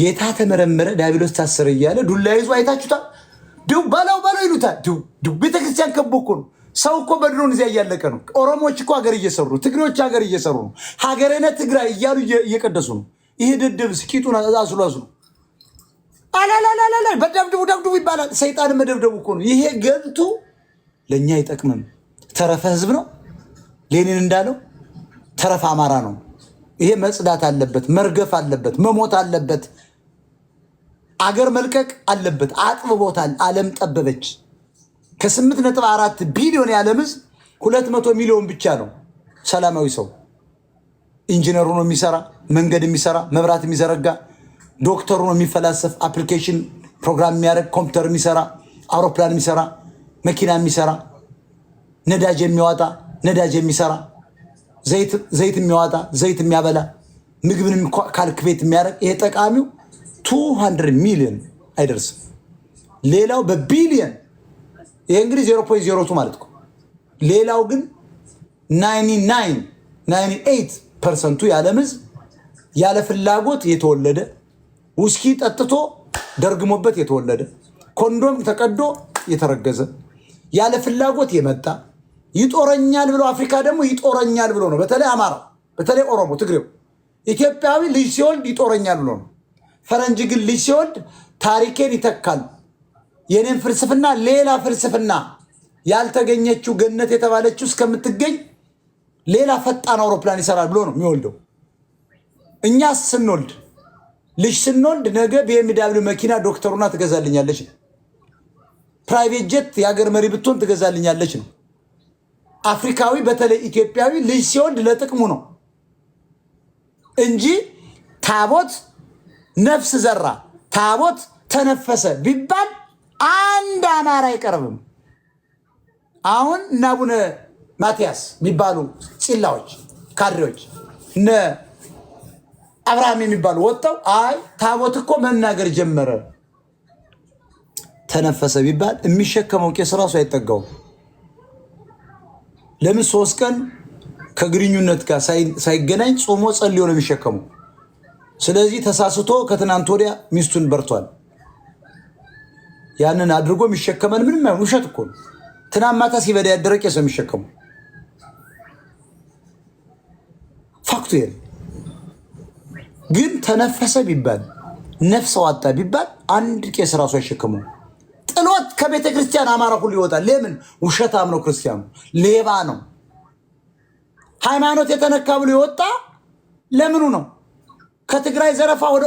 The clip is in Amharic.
ጌታ ተመረመረ፣ ዲያብሎስ ታሰረ እያለ ዱላ ይዞ አይታችሁታል። ድው በላው በላው ይሉታል። ድው ቤተክርስቲያን ከቦ እኮ ነው። ሰው እኮ በድሮን እዚያ እያለቀ ነው። ኦሮሞዎች እኮ ሀገር እየሰሩ ነው። ትግሬዎች ሀገር እየሰሩ ነው። ሀገርነ ትግራይ እያሉ እየቀደሱ ነው። ይሄ ድድብ ስቂጡን አዝሎ አዝሎ አላላላላ በደብድቡ ደብድቡ ይባላል። ሰይጣን መደብደቡ እኮ ነው። ይሄ ገልቱ ለእኛ አይጠቅምም። ተረፈ ህዝብ ነው። ሌኒን እንዳለው ተረፈ አማራ ነው። ይሄ መጽዳት አለበት፣ መርገፍ አለበት፣ መሞት አለበት። አገር መልቀቅ አለበት። አጥብቦታል። ዓለም ጠበበች። ከ ከ8.4 ቢሊዮን የዓለም ሕዝብ ሚሊዮን ብቻ ነው ሰላማዊ ሰው ኢንጂነሩ ነው የሚሰራ፣ መንገድ የሚሰራ፣ መብራት የሚዘረጋ፣ ዶክተሩ ነው የሚፈላሰፍ፣ አፕሊኬሽን ፕሮግራም የሚያደርግ፣ ኮምፒውተር የሚሰራ፣ አውሮፕላን የሚሰራ፣ መኪና የሚሰራ፣ ነዳጅ የሚያወጣ፣ ነዳጅ የሚሰራ፣ ዘይት የሚያወጣ፣ ዘይት የሚያበላ፣ ምግብን ካልክቤት የሚያደርግ ይሄ ጠቃሚው 200 ሚሊዮን አይደርስም። ሌላው በቢሊየን ይሄ እንግዲህ 0 0.02 ማለት ነው። ሌላው ግን 99 98 ፐርሰንቱ የዓለም ሕዝብ ያለ ፍላጎት የተወለደ ውስኪ ጠጥቶ ደርግሞበት የተወለደ ኮንዶም ተቀዶ የተረገዘ ያለ ፍላጎት የመጣ ይጦረኛል ብሎ አፍሪካ ደግሞ ይጦረኛል ብሎ ነው። በተለይ አማራ፣ በተለይ ኦሮሞ፣ ትግሬው ኢትዮጵያዊ ልጅ ሲወልድ ይጦረኛል ብሎ ነው። ፈረንጅ ግን ልጅ ሲወልድ ታሪኬን ይተካል። የኔን ፍልስፍና ሌላ ፍልስፍና ያልተገኘችው ገነት የተባለችው እስከምትገኝ ሌላ ፈጣን አውሮፕላን ይሰራል ብሎ ነው የሚወልደው። እኛ ስንወልድ ልጅ ስንወልድ ነገ ቢኤምዳብሊው መኪና ዶክተሩና ትገዛልኛለች ነው። ፕራይቬት ጀት የሀገር መሪ ብትሆን ትገዛልኛለች ነው። አፍሪካዊ በተለይ ኢትዮጵያዊ ልጅ ሲወልድ ለጥቅሙ ነው እንጂ ታቦት ነፍስ ዘራ ታቦት ተነፈሰ ቢባል አንድ አማራ አይቀርብም። አሁን እነ አቡነ ማትያስ የሚባሉ ፂላዎች ካድሬዎች እነ አብርሃም የሚባሉ ወጥተው አይ ታቦት እኮ መናገር ጀመረ ተነፈሰ ቢባል የሚሸከመው ቄስ ራሱ አይጠጋውም። ለምን ሶስት ቀን ከግንኙነት ጋር ሳይገናኝ ጾሞ ጸልዮ ነው የሚሸከመው። ስለዚህ ተሳስቶ ከትናንት ወዲያ ሚስቱን በርቷል። ያንን አድርጎ የሚሸከመን ምንም አይሆን ውሸት እኮ ነው። ትናንት ማታ ሲበዳ ያደረ ቄስ የሚሸከሙ ፋክቱ የለ። ግን ተነፈሰ ቢባል ነፍሰ ዋጣ ቢባል አንድ ቄስ ራሱ አይሸከመው። ጥሎት ከቤተ ክርስቲያን አማራ ሁሉ ይወጣል። ለምን? ውሸታም ነው፣ ክርስቲያኑ ሌባ ነው። ሃይማኖት የተነካ ብሎ የወጣ ለምኑ ነው? categorizar era favor